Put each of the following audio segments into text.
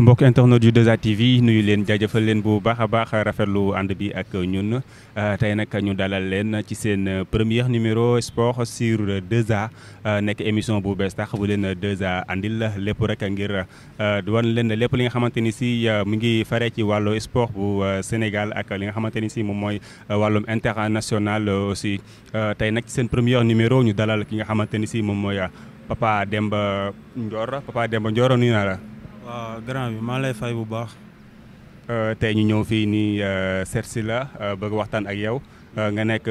mbokk internet yu 2A TV nuyu leen jaajëfal leen bu baax a baax rafetlu ànd bi ak ñun euh, tey nag ñu dalal leen ci seen premier numéro sport sur 2 euh, nekk émission bu bees tax bu leen 2A andil lépp rek ngir euh, wan leen lépp li nga xamante ni si mu ngi fare ci wàllu sport bu Sénégal ak li nga xamante ni si moom mooy wàllum international aussi tey nag ci seen premier numéro ñu dalal ki nga xamante ni si moom mooy Papa Demba Ndior Papa Demba Ndior waaw euh, grand bi maa lay fay bu baax. Euh, tey ñu ñëw fii nii euh, seet si la bëgg waxtaan ak yow nga nekk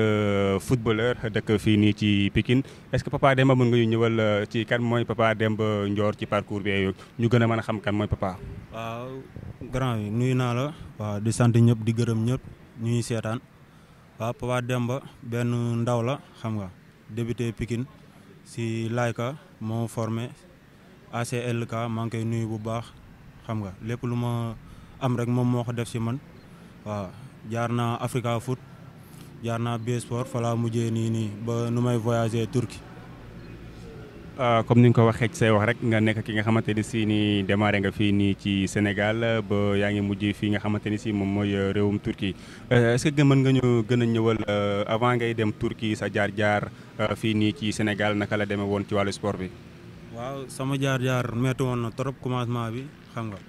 footballeur dëkk fii nii ci Pikine est-ce que Papa Demba mën nga ñëwal ci kan mooy Papa ba njoor ci parcours bi ñu gën a mën a xam kan mooy papa. waaw grand bi nuyu naa la waaw di sant ñëpp di gërëm ñëpp ñu ngi seetaan waaw Papa Demba benn ndaw la xam nga débuté Pikine si Laayka moo formé. ACLK maa ngi koy nuyu bu baax xam nga lépp lu ma am rek moom moo ko def si man waaw jaar naa Africa Foot jaar naa B Sport fa mujjee nii nii ba nu may voyager Turquie. Ah, comme ni nga ko waxee ci say wax rek nga nekk ki nga xamante ni si ni démarré nga fii nii ci Sénégal ba yaa ngi mujj fii nga xamante ni si moom mooy euh, réewum Turquie euh, est-ce que mën nga ñu gën a ñëwal euh, avant ngay dem Turquie sa jaar-jaar fii nii ci Sénégal naka la demee woon ci wàllu sport bi. waaw sama jaar-jaar metti woon na trop commencement bi xam nga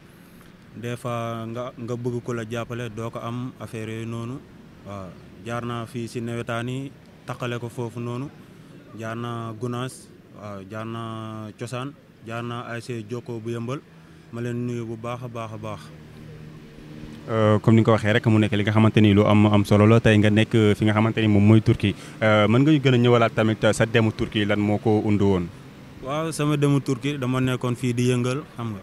des fois nga nga bëgg ko la jàppale doo ko am affaire yooyu noonu waaw jaar naa fii si nawetaan yi taqale ko foofu noonu jaar naa Gunaas waaw jaar naa Cosaan jaar naa ASC Jokko bu yëmbal ma leen nuyu bu baax a baax a baax. Euh, comme ni nga ko waxee rek mu nekk li nga xamante ni lu am am solo la tey nga nekk fi nga xamante ni moom mooy Turquie euh, mën nga gën a ñëwalaat tamit sa demu Turquie lan moo ko undu woon. waaw sama demu Turki dama nekkoon fii di yëngal xam nga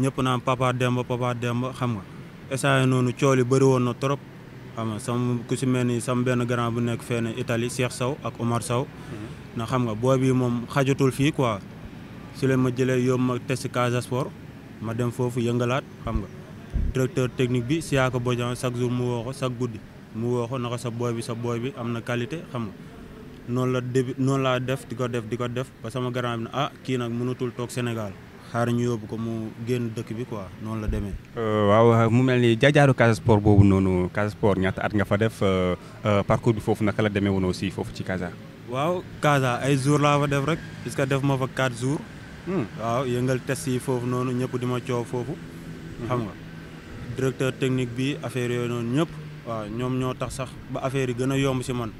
ñëpp naan papa Demba papa Demba xam nga essayé noonu cool yi bëri woon na trop xam nga sama ku si mel ni sama benn grand bu nekk fenn Italie Cheikh Sow ak Omar Sow mhm. na xam nga boo bi moom xajatul fii quoi si leen ma jëlee yóbbu ma test Casa ma dem foofu yëngalaat xam nga directeur technique bi Siaka Bodian chaque jour mu woo ko chaque guddi mu woo ko naka sa booy bi sa booy bi am na qualité xam nga noonu la début noonu laa def di ko def di ko def ba sama grand bi ne ah kii nag mënatul toog Sénégal xaar ñu yóbbu ko mu génn dëkk bi quoi noonu la demee. Euh, waaw mu mel nii jaajaaru Casa Sport boobu noonu Casa Sport ñaata at nga fa def euh, euh, parcours bi foofu naka la demee woon aussi foofu ci Casa. waaw Casa ay jours laa fa def rek que def ma fa 4 jours. Hmm. waaw yëngal test yi foofu noonu ñëpp di ma coow foofu. xam nga directeur technique bi affaire yooyu noonu ñëpp. ñoom ñoo tax sax ba affaire yi gën a yomb man.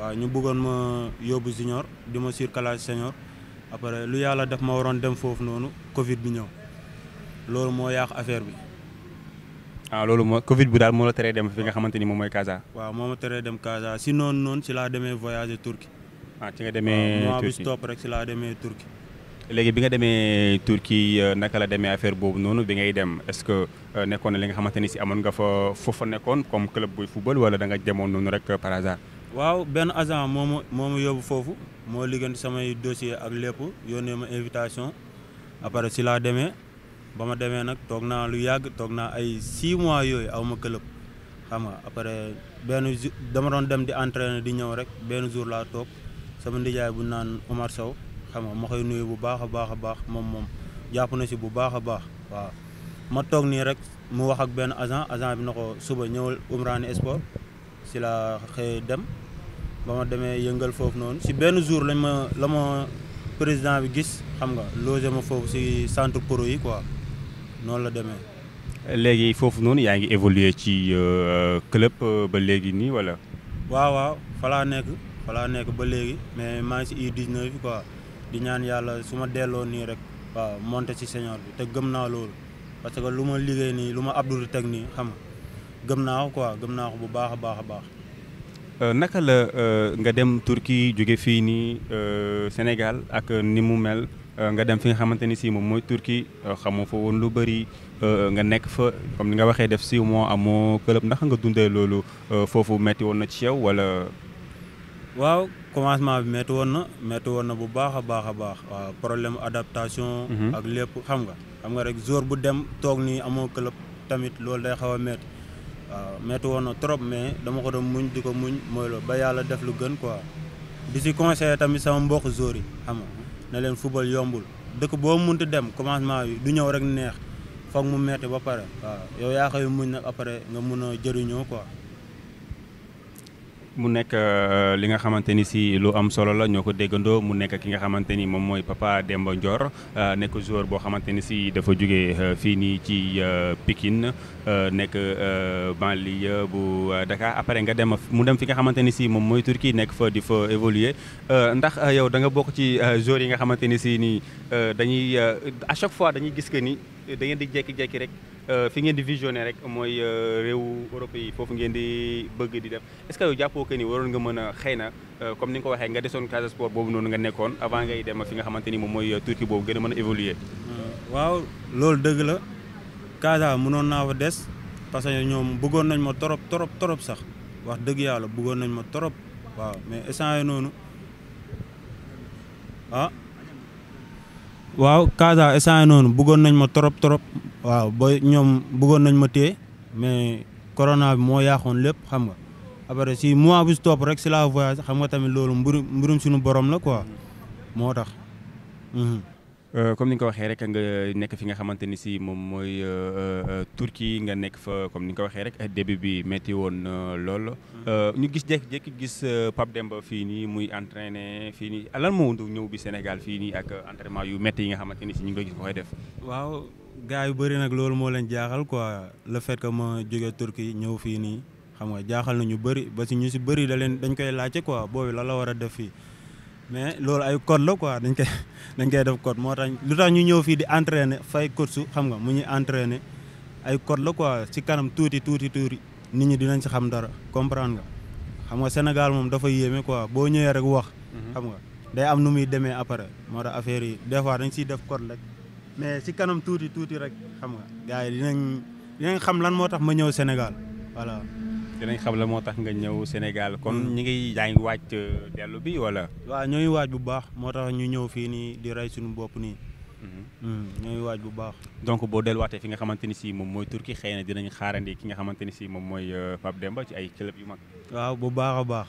waaw ñu bëggoon ma yóbbu junior di ma surcalage senior après lu yàlla def ma waroon dem foofu noonu Covid bi ñëw loolu moo yàq affaire bi. ah loolu moo Covid bi daal moo la dem fi nga xamante ni moom mooy Casa. waaw moom ma teree dem Casa si noonu noonu si laa demee voyager Turquie. ah ci nga demee Turquie bi rek si laa demee Turquie. léegi bi nga demee Turquie euh, naka la demee affaire boobu noonu bi ngay dem est-ce que euh, nekkoon na li nga xamante ni si amoon nga fa foofa nekkoon comme club buy football wala da nga demoon noonu rek par waaw benn agent moo ma moo yóbbu foofu moo liggéeyante samay dossier ak lépp yónnee ma invitation après si laa demee ba ma demee nag toog naa lu yàgg toog naa ay 6 mois yooyu aw ma club xam nga après benn jour dama doon dem di entraîner di ñëw rek benn jour laa toog sama ndijaay bu naan Omar Sow xam nga ma koy nuyu bu baax a baax a baax moom moom jàpp na si bu baax a baax waaw ma toog nii rek mu wax ak benn agent agent bi na ko suba ñëwal Umraani Sport si la xëy dem. ba ma demee yëngal foofu noonu si benn jour lañ ma la ma président bi gis xam nga logé ma foofu si centre pro yi quoi noonu la demee. léegi foofu noonu yaa ngi évoluer ci euh, club euh, ba léegi nii wala. waaw waaw fa nekk fa nekk ba léegi mais maa ngi si U19 bi quoi di ñaan yàlla su ma delloo nii rek waaw monter si senior bi te gëm naa loolu parce que lu ma liggéey nii lu ma Abdou teg nii xam nga gëm naa ko quoi gëm naa ko bu baax a baax a baax. Euh, naka la euh, nga dem Turquie jóge fii nii euh, Sénégal ak ni mu mel nga dem fi nga xamante ni si moom mooy Turquie xamoo fa woon lu bëri nga nekk fa comme ni nga waxee def six mois amoo club ndax nga dundee loolu foofu metti woon na ci yow wala. waaw commencement bi metti woon na metti woon na bu baax a baax a baax problème adaptation. Mhm. ak lépp xam nga xam nga rek jour bu dem toog nii amoo club tamit loolu day xaw a metti waaw metti woon na trop mais dama ko doon muñ di ko muñ mooy loolu ba yàlla def lu gën quoi di si conseillé tamit sama mbokk joueurs yi xam nga ne leen football yombul dëkk boo munti dem commencement bi du ñëw rek neex foog mu metti ba pare waaw yow yaa koy muñ nag après nga mun a jëriñoo quoi. mu nekk euh, li nga xamante ni si lu am solo la ñoo ko déggandoo mu nekk ki nga xamante ni moom mooy Papa Demba Ndior euh, nekk joueur boo xamante ni si dafa jóge euh, fii nii ci Pikine nekk banlieue bu Dakar après nga dem mu dem fi nga xamante ni si moom mooy Turquie nekk fa di fa évoluer ndax yow da nga bokk ci joueur yi nga xamante ni si nii dañuy à chaque fois dañuy gis que nii da ngeen di jékki-jékki rek euh, fi ngeen di visionné rek mooy euh, réewu Europe yi foofu ngeen di bëgg di def est que jàppoo que ni waroon nga mën a xëy na euh, comme ni nga ko waxee nga desoon Casa Sport boobu noonu nga nekkoon avant ngay dem fi nga xamante ni moom mooy Turquie boobu gën a mën a évoluer. waaw loolu dëgg la Casa mënoon naa fa des parce que ñoom bëggoon nañ ma trop trop trop sax wax dëgg yàlla bëggoon nañ ma trop waaw mais instant noonu ah, waaw Casa instant noonu bëggoon nañ ma trop trop waaw ba ñoom buggoon nañ ma téye mais corona bi moo yaaxoon lépp xam nga après si mois bu stop rek si la voyage xam nga tamit loolu mbirum mbirum suñu boroom la quoi moo tax. Mhm. Euh, comme ni nga ko waxee rek nga nekk fi nga xamante ni si moom mooy euh, euh, Turquie nga nekk fa comme ni nga ko waxee rek début bi métti woon lool. Mm. ñu gis jékki-jékki gis Pape Demba fii nii muy entraîné fii nii lan moo ñëw bi Sénégal fii nii ak entraînement yu métti yi nga xamante ni si ñu ngi koy gis nga koy def. waaw gars yu bëri nag loolu moo leen jaaxal quoi le fait que ma jógee Turquie ñëw fii nii xam nga jaaxal na ñu bëri ba si ñu si bëri da leen dañ koy laajte quoi boobu la la war a def fii. mais loolu ay code la quoi dañ koy dañ koy def code moo tax lu tax ñu ñëw fii di entraîner fay code su xam nga mu ñuy entraîner ay code la quoi ci kanam tuuti tuuti tuuti nit ñi dinañ ci xam dara comprendre nga xam nga Sénégal moom dafa yéeme quoi boo ñëwee rek wax. Mhm. xam nga day am nu muy demee après moo tax affaire yi des fois dañ ciy def code rek mais ci kanam tuuti tuuti rek xam nga gars yi dinañ dinañ xam lan moo tax ma ñëw Sénégal voilà. dinañ xam la moo tax nga ñëw Sénégal kon hmm. ñu ngi yaa waaj dellu bi wala. waaw ñooy waaj bu baax moo tax ñu ñëw fii nii di rey suñu bopp nii. Hmm. Hmm, ñooy waaj bu baax. donc boo delluwaatee fi nga xamante ni si moom mooy turki xëy na dinañ xaarandi ki nga xamante ni si moom mooy euh, Pape Demba ci ay club yu mag. waaw bu baax a baax.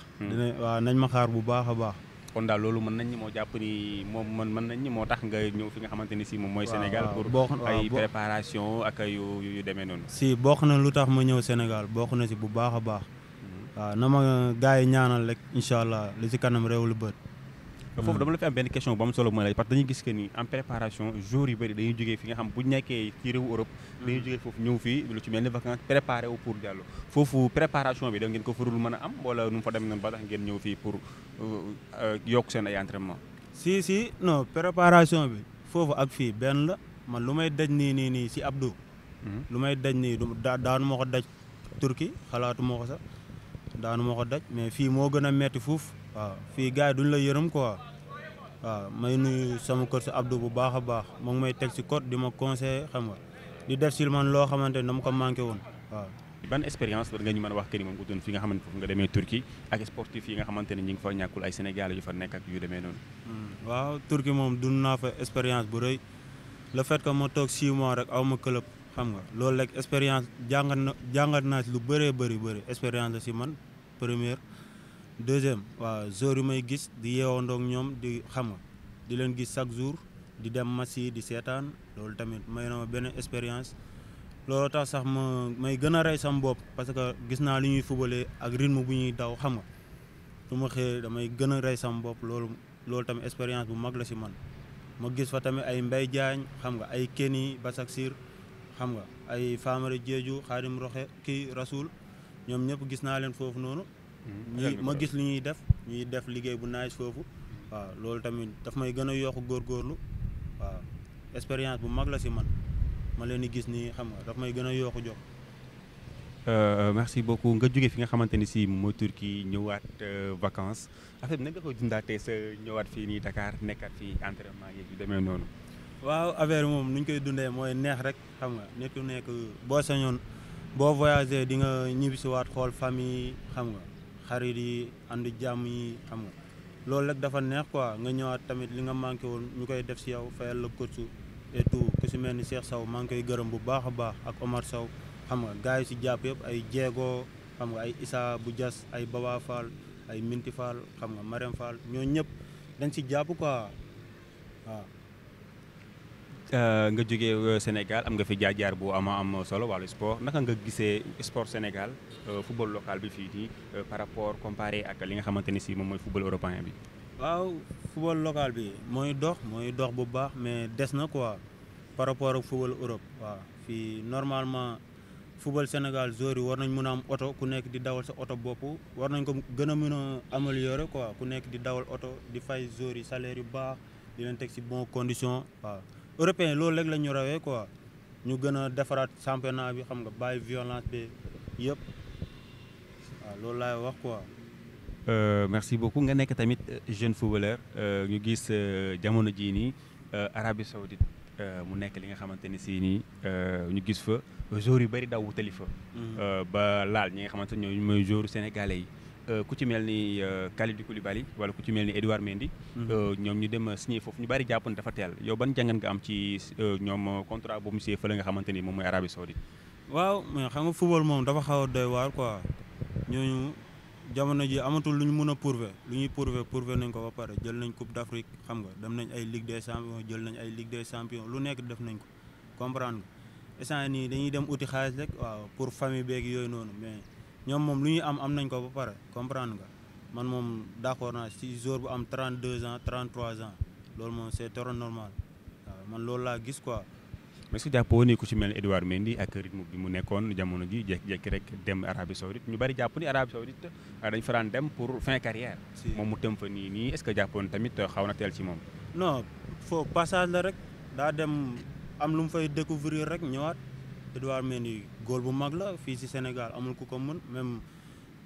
nañ ma xaar bu baax a baax. kon daal loolu mën nañ moo jàpp ni moom mën mën nañ ñi moo tax nga ñëw fi nga xamante ni si moom mooy Sénégal pour ay préparation ak yu yu demee noonu si bokk na lu tax ma ñëw Sénégal bokk na si bu baax a baax mhm. waaw na ma gars yi ñaanal rek incha allah li si kanam réew lu bët foofu dama la fi am benn question bu solo mooy la parce dañuy gis que ni en préparation jours yu bëri dañuy jógee fi nga xam bu nekkee ci réewu Europe hmm. dañuy jógee foofu ñëw fii lu ci mel ni vacances préparé wu pour jàllu foofu préparation bi da ngeen ko farul mën a am wala nu mu fa dem na ba tax ngeen ñëw fii pour euh, euh, yokk seen ay entraînement si si non préparation bi foofu ak fii benn la man lu may daj nii nii nii si Abdou hmm. lu may daj nii daanu ma ko daj Turquie xalaatu ma sax daanu ma ko daj mais fii moo gën a metti fuuf waaw fii gars yi duñ la yërëm quoi waaw may nuyu sama kër si Abdou bu baax a baax mu ngi may teg si code di ma conseiller xam nga di def si man loo xamante ne dama ko manqué woon waaw. ban expérience war nga ñu mën a wax que ni moom utoon fi nga xamante foofu nga demee Turquie ak sportif yi xamante ne ñu ngi fa ñàkkul ay Sénégalais yu fa nekk ak yu demee noonu. Hmm, waaw Turquie moom dund naa fa expérience bu rey le fait que ma toog 6 mois rek aw ma club xam nga loolu rek expérience jàngat na jàngat naa si lu bëree bëri bëri expérience la si man première. deuxième waa joueurs yu may gis di yeewandoo ak ñoom di xam nga di leen gis chaque jour di dem match yi di seetaan loolu tamit may na benn expérience loolu tax sax ma may gën a rey sama bopp parce que gis naa li ñuy fubale ak rythme bu ñuy daw xam nga su ma xëyee damay gën a rey sama bopp loolu loolu tamit expérience bu mag la si man ma gis fa tamit ay Mbaye Diagne xam nga ay Kenny Basaksir xam nga ay Famara Diédhiou Khadim Roxe kii Rasoul ñoom ñëpp gis naa leen foofu noonu ñuy ma gis lu ñuy def ñuy def liggéey bu nice foofu waaw loolu tamit daf may gën a yokk góorlu waaw expérience bu mag la si man ma leen di gis nii xam nga dafa may gën a yokk jox euh, euh, merci beaucoup nga jóge fi nga xamante ni si mooy Turquie ñëwaat euh, vacances affaire bi nag nga ko dundaatee sa ñëwaat fii nii dakaar nekkaat fi entraînement yeeg yu demee noonu waaw affaire moom nu ñu koy dundee mooy neex rek xam nga nit nekk boo señoon boo voyagé di nga ñibbisiwaat xool famille xam nga xarit yi andi jàmm yi xam nga loolu rek dafa neex quoi nga ñëwaat tamit li nga manqué woon ñu koy def si yow fayal la coach et tout ku si mel ni Cheikh Sow maa ngi koy gërëm bu baax a baax ak Omar Sow xam nga gars yi si jàpp yëpp ay jeegoo xam nga ay Issa bu Dias ay Baba Fall ay Minti Fall xam nga Marème Fall ñoo ñëpp dañ si jàpp quoi waaw Euh, nga jógee euh, Sénégal am nga fi jaar-jaar bu ama am solo wàllu sport naka nga gisee sport Sénégal euh, football local bi fii nii par rapport comparé ak li nga xamante ni si moom mooy football européen bi. waaw football local bi mooy dox mooy dox bu baax mais des na quoi par rapport ak football Europe waaw fii normalement. football Sénégal joueurs yi war nañ mun a am oto ku nekk di dawal sa oto bopp war nañ ko gën a mën a améliorer quoi ku nekk di dawal oto di fay joueurs yi salaire yu baax teg ci bon condition européen loolu rek la ñu rawee quoi ñu gën a defaraat championnat bi xam nga bàyyi violence bi yëpp waaw loolu laay wax quoi. Euh, merci beaucoup nga nekk tamit euh, jeune footballeur euh, ñu gis jamono jii nii Arabie Saoudite mu nekk li nga xamante ni si nii ñu gis fa joueurs yu bari daw wutali fa. Mm-hmm. ba laal ñi nga xamante ne ñooy mooy joueurs sénégalais yi. Euh, ku ci mel ni euh, Kalidou Koulibaly wala ku ci mel ni Edouard Mendy. Mhm. Euh, ñoom ñu dem signé foofu ñu bari jàpp ne dafa teel yow ban jàngat nga am ci ñoom contrat bu mu signé fële nga xamante ni moom mooy Arabie Saoudite. waaw mais xam nga football moom dafa xaw a doy waar quoi ñooñu jamono ji amatul lu ñu mën a prouver lu ñuy prouver prouver nañ ko ba pare jël nañ coupe d'Afrique xam nga dem nañ ay Ligue des champions jël nañ ay Ligue des lu nekk def nañ ko comprendre nii dañuy dem uti xaalis rek waaw pour famille beeg yooyu noonu mais. ñoom moom lu ñuy am am nañ ko ba pare comprendre nga man moom d'accord naa si jour bu am 32 ans 33 ans loolu moom c'est trop normal waaw man loolu laa gis quoi. mais su jàppoo ni ku ci mel ni Edouard Mendy ak rythme bi mu nekkoon jamono ji jékki-jékki rek dem Arabie Saoudite ñu bari jàpp ni Arabie Saoudite ah, dañ fa dem pour fin carrière moom mu tëm fa nii nii est-ce que jàppoon tamit xaw na teel ci moom. non foo passage la rek daa dem am lu mu Edouard ni góol bu mag la fii si Sénégal amul ku ko mën même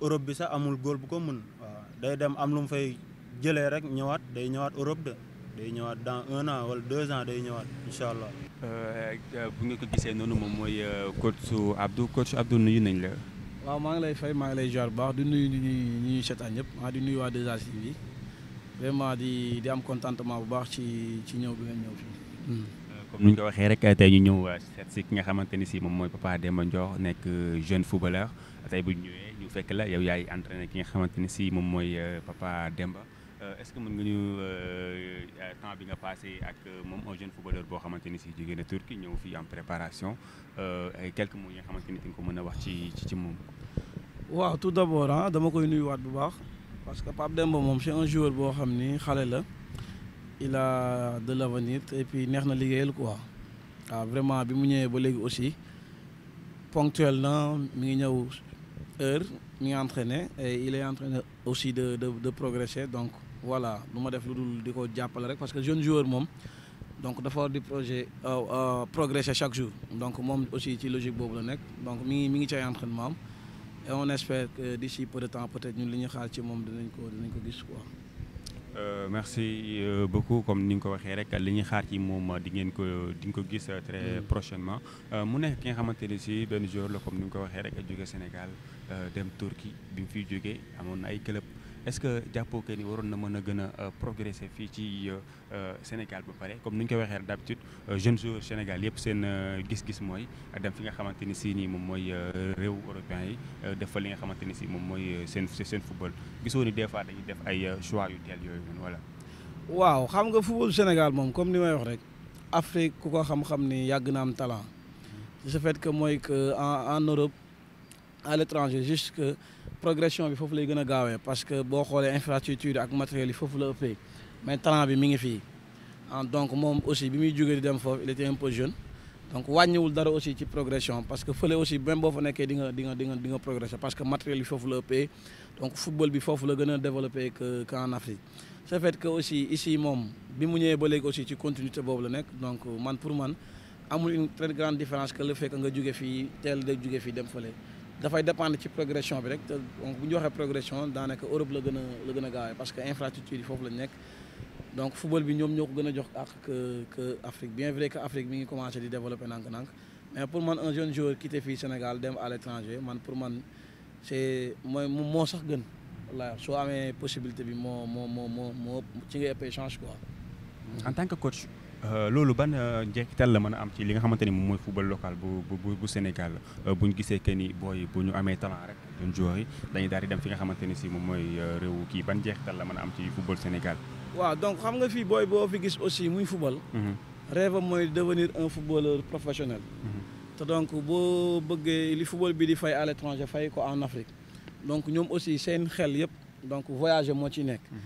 Europe bi sax amul góol bu ko mën waaw day dem am lu mu fay jëlee rek ñëwaat day ñëwaat Europe de day ñëwaat dans un an wala deux ans day ñëwaat incha allah. Euh, bu nga ko gisee noonu moom mooy euh, coach su Abdou coach Abdou nuyu nañ la. waaw maa ngi lay fay maa ngi lay jaar bu baax du nuyu ñu ñuy ñu ñuy ñëpp maa ah, di nuyu waa 2STV bi vraiment di di am contentement bu baax ci ci ñëw bi ngeen ñëw fii. Hmm. comme ni ñu ko waxee rek tey ñu ñëw euh, seet si ki nga xamante ni si moom mooy Papa Demba Ndiokh nekk euh, jeune footballeur tey bu ñu ñëwee ñu fekk la yow yaay entraîné ki nga xamante ni si moom mooy euh, Papa Demba est-ce que mën nga ñu temps bi nga passé ak moom un jeune footballeur boo xamante ni si jógee na Turquie ñëw fii en préparation ay quelques mots yi xamante ni di ko mën a wax ci ci moom. waaw tout d'abord ah dama koy nuyuwaat bu baax parce que Pape Demba moom c'est un joueur boo xam ni xale la. il a de l'avenir et puis neex na liggéeyal quoi waaw ah, vraiment bi mu ñëwee ba léegi aussi ponctuel na mi ngi ñëw heure mi ngi entraîné et il est entraîné aussi de de de progresser donc voilà lu ma def lu dul di ko jàppale rek parce que jeune joueur moom donc dafa war di projet euh, euh, progresser chaque jour donc moom aussi ci logique boobu la nekk donc mi ngi mi ngi cay entraînement am et on espère que d'ici peu de temps peut-être ñun li ñu xaar ci moom danañ ko dinañ ko gis quoi. Euh, merci euh, beaucoup comme ni nga ko waxee rek li ñuy xaar ci moom di ngeen ko di nga ko gis euh, très mm. prochainement mu nekk ki nga xamante ne si benn jour la comme ni nga ko waxee rek a jóge Sénégal dem Turquie bi mu fiy jógee amoon na ay club est-ce que jàppoo que ni waroon na mën a gën a euh, progresser fii ci euh, euh, Sénégal ba pare comme ni ñu ko waxee d'habitude jeunes joueurs Sénégal yëpp seen gis-gis mooy dem fi nga xamante ni si nii moom mooy réew européen yi def li nga xamante ni si moom mooy seen seen football gisoo ni des fois dañuy def ay choix yu teel yooyu noonu voilà. waaw xam nga football Sénégal moom comme ni may wax rek Afrique ku ko xam-xam ni yàgg na am talent. Mm-hmm. ce fait que mooy que en en Europe à l'étranger juste que. progression bi foofu lay gën a gaawee parce que boo xoolee infrastructure ak matériel yi foofu la ëppee mais talent bi mi ngi fii ah, donc moom aussi bi muy jógee di dem foofu il était un peu jeune donc wàññiwul ci progression parce que fële aussi même boo fa nekkee di nga di nga di nga di nga progresser parce que matériel bi foofu la ëppee donc football bi foofu la gën a développé que qu'en Afrique ce fait que aussi ici moom bi mu ñëwee ba léegi aussi ci continuité boobu la nekk donc man pour man amul une très grande différence que le fait nga jóge fii teel da jóge fii dem fële dafay dépendre ci progression bi rek te donc bu ñu waxee progression daanaka Europe la gën a la gën a gaawee parce que infrastructure yi foofu la ñu nekk donc football bi ñoom ñoo ko gën a jox ak que que Afrique bien vrai que Afrique mi ngi commencé di développer nànk-nànk mais pour man un jeune joueur quitté fii Sénégal dem à l'étranger man pour man c'est mooy moo sax gën wallaahi soo amee possibilité bi moo moo moo moo moo ci nga ëppee change quoi. en tant que coach. Euh, loolu ban euh, njeexital la mën a am ci li nga xamante ni moom mooy football local bu bu bu Sénégal euh, bu ñu gisee que ni booy bu ñu amee talent rek ñun joueurs dañuy daal di dem fi nga xamante ni si moom mooy réew kii ban njeexital la mën a am ci football Sénégal. waa donc xam nga fii booy boo fi gis aussi muy football. Mhm. rêve mooy devenir un footballeur professionnel. Mhm. te donc boo bëggee li football bi di fay à l'étranger fay ko en Afrique donc ñoom aussi seen xel yëpp donc voyager moo ci nekk. Mhm.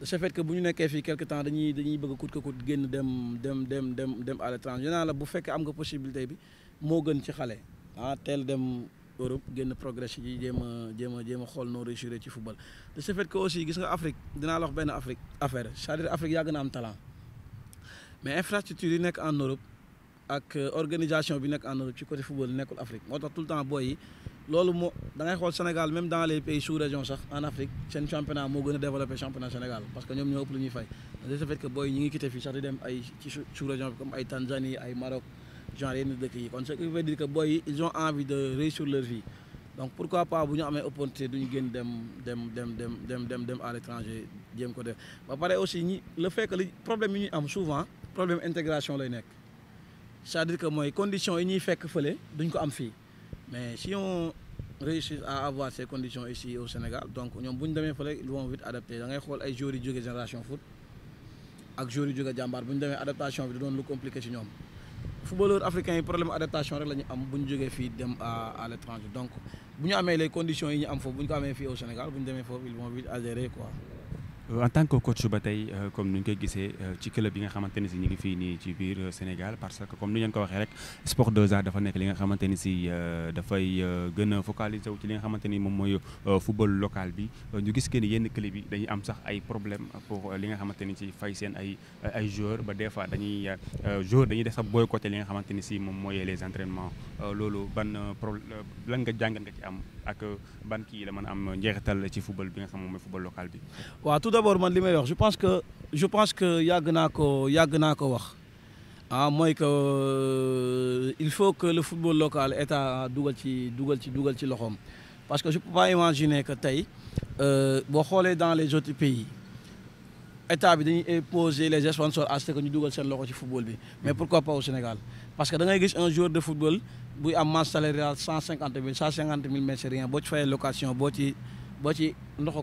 de ce fait que bu ñu nekkee fii quelque temps dañuy dañuy bëgg coûte que coûte génn dem dem dem dem dem à l'étranger naa la bu fekkee am nga possibilité bi moo gën ci xale ah teel dem Europe génn progrès yi jéem a jéem a jéem a xool noo réussir ci football. de ce fait que aussi gis nga Afrique dinaa la benn Afrique affaire c'est-à-dire Afrique yàgg na am talent mais infrastructure yi nekk en Europe ak euh, organisation bi nekk en Europe ci côté football nekkul Afrique moo tax tout le temps booy loolu moo da ngay xool Sénégal même dans les pays sous région sax en Afrique seen championnat moo gën a développé championnat Sénégal parce que ñoom ñoo ëpp lu ñuy fay de ce fait que booy ñi ngi quitté fii sax di dem ay ci sous région bi comme ay Tanzanie ay Maroc genre yenn dëkk yi kon ce qui leur vie donc pourquoi pas bu ñu amee opportunité du ñu dem dem dem dem dem dem dem à l'étranger ko def ba pare aussi ñi le fait que li ñuy am souvent problème intégration lay nekk cest à que mooy condition yi ñuy fekk fële duñ ko am fii mais si on réussit à avoir ces conditions ici au Sénégal donc ñoom bu ñu demee fële ils vont vite adapter da ngay xool ay joueurs yu jógee génération foot ak joueurs yu jógee jàmbaar bu ñu demee adaptation bi da doon lu compliqué ci ñoom footballeur africain yi problème adaptation rek la ñu am bu ñu jógee fi dem à à l'étranger donc bu ñu amee les conditions yi ñu am foofu bu ñu ko amee fii au Sénégal bu ñu demee foofu ils vont vite adhérer quoi. Euh, en tant que coach ba tey euh, comme ni ñu koy gisee euh, ci club yi nga xamante ni si ñu ngi fii nii ci biir Sénégal parce que comme ni ngeen ko waxee rek sport 2A dafa nekk li nga xamante ni si dafay gën a focaliser wu ci li nga xamante ni moom mooy football local bi ñu gis que ni yenn club yi dañuy am sax ay problème pour li nga xamante ni si fay seen ay ay joueurs ba des fois dañuy joueurs dañuy def sax boycotté li nga xamante ni si moom mooy les entraînements Euh, loolu ban euh, problème euh, lan nga jàngat nga ci am ak ban kii la mën a am njeexital ci football bi nga xam moom mooy football local bi. waaw tout d'abord man li may wax je pense que je pense que yàgg naa ko yàgg naa ko wax ah mooy que il faut que le football local état dugal ci dugal ci dugal ci loxoom. parce que je peux pas imaginer que tey boo xoolee dans les autres pays état bi dañuy imposer les sponsors à ce que ñu dugal seen loxo ci football bi mais mm-hmm. pourquoi pas au Sénégal. parce que dangay gis un joueur de football buy am masse salariale cent cinquante mille cent cinquante mille mais c'est rien boo ci fayee location boo ci boo ci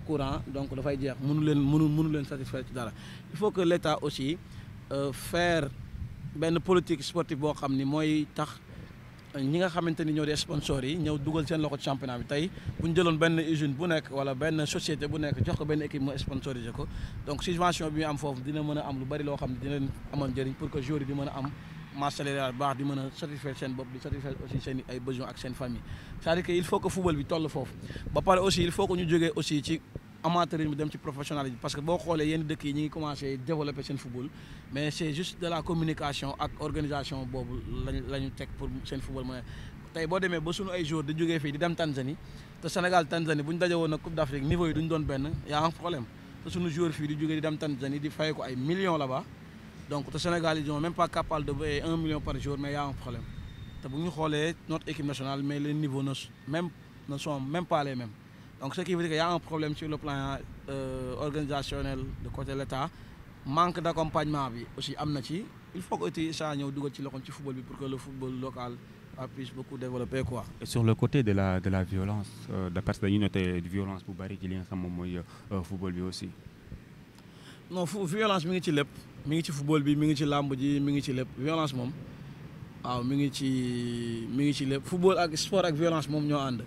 courant donc dafay jeex mënu leen mënu munu leen satisfaire ci dara il faut que l'État aussi euh, benn politique sportive boo xam ni mooy tax ñi nga xamante ni ñoo di sponsors yi ñëw dugal seen loxo ci championnat bi tey bu ñu jëloon benn usine bu nekk wala benn société bu nekk jox ko benn équipe mu sponsorisé ko donc subvention bi ñu am foofu dina mën a am lu bari loo xam ne dina leen amoon njëriñ que joueurs yi mën a am masse salariale baax di mën a satisfaire seen bopp di satisfaire aussi seen ay besoins ak seen famille c'est-à-dire que il faut que football bi toll foofu ba pare aussi il faut que ñu jógee aussi ci amateurisme dem ci professionnalisme parce que boo xoolee yenn dëkk yi ñu ngi commencé développer seen football mais c'est juste de la communication ak organisation boobu lañu la ñu teg pour seen football mën tey boo demee ba sunu ay jour di jógee fii di dem Tanzanie te Sénégal Tanzanie bu ñu daje woon nag Coupe d'Afrique niveau yi duñu doon benn y a un problème te suñu fay ko ay millions là-bas donc te Sénégal ils n'ont même pas capable de veiller un million par jour mais y a un problème te bu ñu xoolee notre équipe nationale mais les niveaux ne même ne sont même pas les donc ce qui veut dire que un problème sur le plan euh, organisationnel de côté l'État manque d'accompagnement bi aussi am na ci il faut que aussi ça ñëw dugal ci loxoom ci football bi pour que le football local puisse beaucoup développer quoi. sur le côté de la de la violence euh, parce que dañuy noter violence bu bari ci li nga moom mooy euh, football bi aussi. non fu violence mi ngi ci lépp mi ngi ci football bi mi ngi ci làmb ji mi ngi ci lépp violence moom waaw mi ngi ci mi ngi ci lépp football ak sport ak violence moom ñoo ànd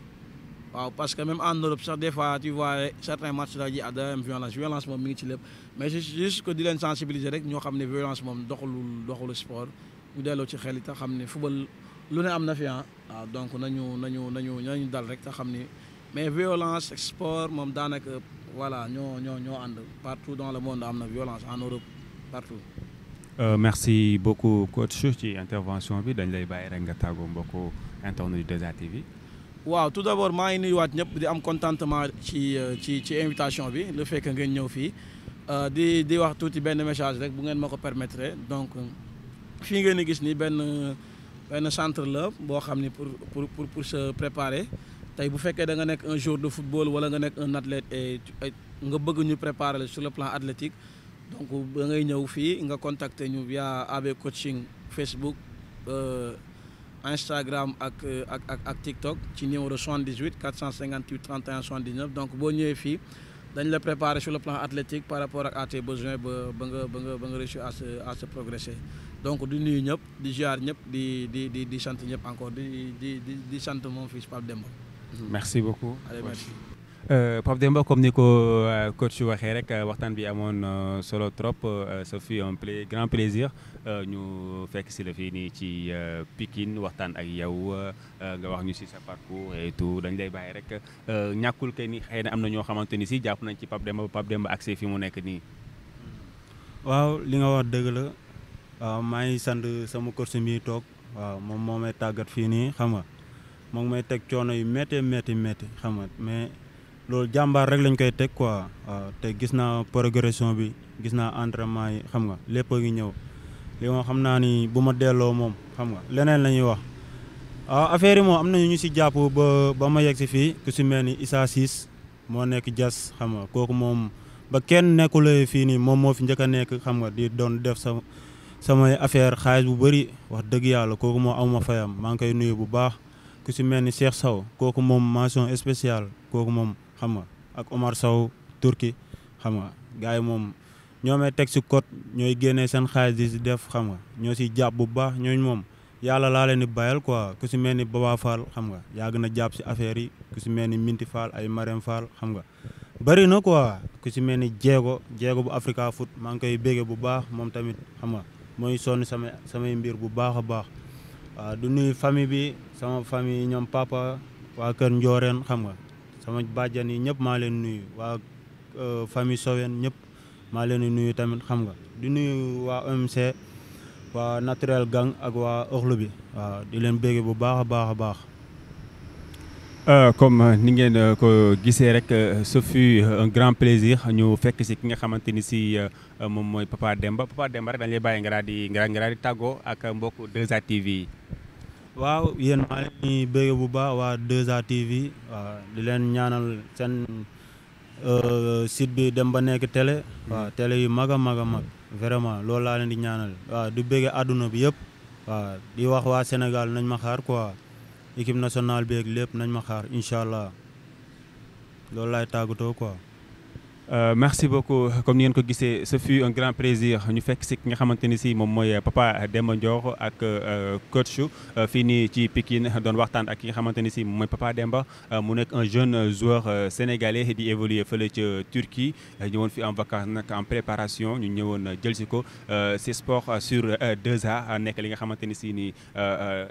waaw parce que même en Europe sax des fois tu vois certains matchs daal ji à am violence violence moom mi ngi ci lépp mais juste que di leen sensibiliser rek ñoo xam ne violence moom doxalul doxalu sport ñu delloo ci xel it xam ne football lu ne am na fi ah na donc na nañu nañu nañu dal rek xam ni mais violence sport moom daanaka. voilà ñoo ñoo ñoo ànd partout dans le monde am na violence en Europe partout. Euh, merci beaucoup coach ci intervention bi dañ lay bàyyi rek nga tàggoo mbokku internet yu 2A TV. waaw tout d'abord maa ngi waat ñëpp di am contentement ci euh, ci ci invitation bi le fait ngeen ñëw fii euh, di di wax tuuti benn message rek bu ngeen ma ko permetre donc fii ngeen di gis ni benn benn centre la boo xam ni pour pour pour se préparer. tey bu fekkee danga nekk un joueur de football wala nga nekk un athlète nga bëgg ñu préparer sur le plan athlétique donc da ngay ñëw fii nga contacter ñu via AB coaching Facebook euh, Instagram ak ak ak ak TikTok ci numéro 78 458 31 79 donc boo ñëwee fii dañ la préparer sur le plan athlétique par rapport ak à tes ba ba nga ba nga ba nga réussir à se à se progresser donc di nuyu ñëpp di ziar ñëpp di di di di sant ñëpp encore di di di sant fii fils Pape Demba. merci beaucoup. Euh, Pape Demba comme ni ko si euh, waxee rek euh, waxtaan bi amoon solo trop sa ce fut un grand plaisir ñu fekk si la fii nii ci Pikine waxtaan ak yow nga wax ñu si sa parcours et tout dañ lay bàyyi rek ñàkkul que ni xëy na am na ñoo xamante ni si jàpp nañ ci pap Demba ba Pape Demba accès fi mu nekk nii. waaw li nga wax dëgg la waaw maa ngi sant sama coach mi toog waaw moom moo tàggat fii nii xam nga. moo mooy teg coono yu métti métti métti xam nga mais loolu jàmbaar rek lañ koy teg quoi te gis naa progression bi gis naa entraînement yi xam nga lépp a ñëw li ma xam naa ni bu ma delloo moom xam nga leneen la ñuy wax. waaw ah, affaire yi moom am nañu ñu si jàpp ba ba ma yegg si fii ku si mel ni Issa moo nekk jas xam nga kooku moom ba kenn nekkule fii nii moom moo fi njëkk a nekk xam nga di doon def sa samay affaire xaalis bu bëri wax dëgg yàlla kooku moo aw ma fayam maa koy nuyu bu baax. ku si mel ni Cheikh Sow kooku moom mention spéciale kooku moom xam nga ak Omar Sow turki xam nga gars yi moom ñoo may teg si code ñooy génne seen xaalis si def xam nga ñoo siy jàpp bu baax ñooñu moom yàlla laa leen di bayal quoi ku si mel ni Baba Fall xam nga yàgg na jàpp si affaire yi ku si mel ni Minti Fall ay Marème Fall xam nga. bëri na quoi ku si mel ni jéego jéego bu Africa Foot maa ngi koy bége bu baax moom tamit xam nga mooy sonn samay samay mbir bu baax a baax. waaw du nuyu famille bi sama famille ñoom papa waa kër Ndiorène xam nga sama bàjjan yi ñëpp maa leen nuyu waa euh, famille Sowen ñëpp maa leen nuyu tamit xam nga du nuyu waa OMC e waa naturel gang ak waa oxlu bi waaw di leen bégge bu baax a baax a baax Euh, comme euh, ni ngeen euh, ko gisee rek euh, ce fut un grand plaisir ñu fekk si ki nga xamante ni si moom mooy Papa Demba Papa Demba rek dañ lay bàyyi nga daal nga daal di tàggoo ak mbokk 2A TV yi. waaw yéen maa leen di bu baax waa 2A TV waaw di leen ñaanal seen sit bi dem ba nekk télé. waaw télé yu mag a mag a mag vraiment loolu laa leen di ñaanal du bëgg àdduna bi yëpp waaw di wax waa Sénégal nañ ma xaar quoi. équipe nationale bi lépp nañ ma xaar incha allah loolu laay tàggatoo quoi. Euh, merci beaucoup comme ni ngeen ko gisee ce fut un grand plaisir ñu fekk si ki nga xamante ni si moom mooy papa Demba Ndior ak euh, coach euh, fii nii ci Pikine doon waxtaan ak ki nga xamante ni si moom mooy papa Demba mu nekk un jeune joueur sénégalais di évoluer fële ca Turquie ñëwoon fi en vacances nag en préparation ñu ñëwoon jël si ko si sport sur 2A nekk li nga xamante ni si nii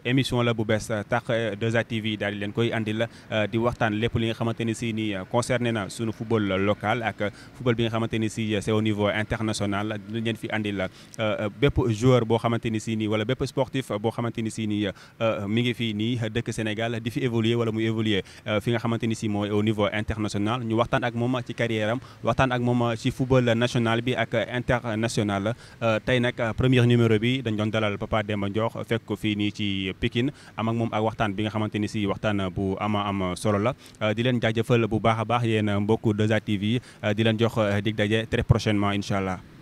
émission la bu bees tax 2A TV daal di leen koy la di waxtaan lépp li nga xamante ni si nii concerné na suñu football local ak. ak euh, football bi nga xamante ni si euh, c'est au niveau international lu leen fi andi la euh, bépp joueur boo xamante si nii wala bépp sportif boo xamante si nii mi ngi fii nii dëkk Sénégal di fi évoluer wala mu évoluer fi nga xamante si mooy au niveau international ñu waxtaan ak moom ci carrière waxtaan ak moom ci football national bi ak international tey nag premier numéro bi dañ doon dalal Papa Demba Ndiokh fekk ko fii nii ci Pikine am ak moom ak a a di leen jox euh, dig daje très prochainement incha allah.